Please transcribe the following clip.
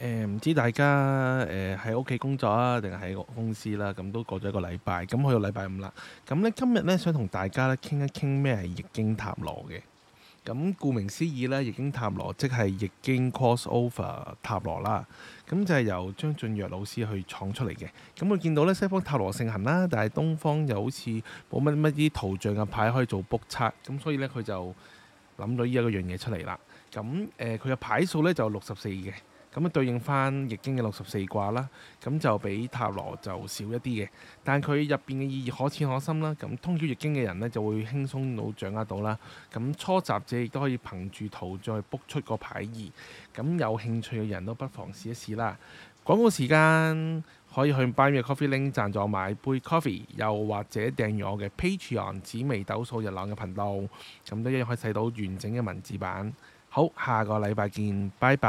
誒唔知大家誒喺屋企工作啊，定係喺公司啦。咁都過咗一個禮拜，咁去到禮拜五啦。咁呢，今日呢，想同大家呢傾一傾咩係易經塔羅嘅。咁顧名思義呢，《易經塔羅》即係易經 cross over 塔羅啦。咁就係、是、由張進若老師去創出嚟嘅。咁佢見到呢，西方塔羅盛行啦，但係東方又好似冇乜乜啲圖像嘅牌可以做卜測，咁所以呢，佢就諗到呢一個樣嘢出嚟啦。咁佢嘅牌數呢，就六十四嘅。咁啊，對應翻易經嘅六十四卦啦，咁就比塔羅就少一啲嘅，但佢入邊嘅意義可淺可深啦。咁通曉易經嘅人呢，就會輕鬆到掌握到啦。咁初習者亦都可以憑住圖再卜出個牌意。咁有興趣嘅人都不妨試一試啦。廣告時間可以去 Buy Me A Coffee Link 贊助買杯 coffee，又或者訂閱我嘅 Patreon 紫微斗數日朗嘅頻道，咁都一樣可以睇到完整嘅文字版。好，下個禮拜見，拜拜。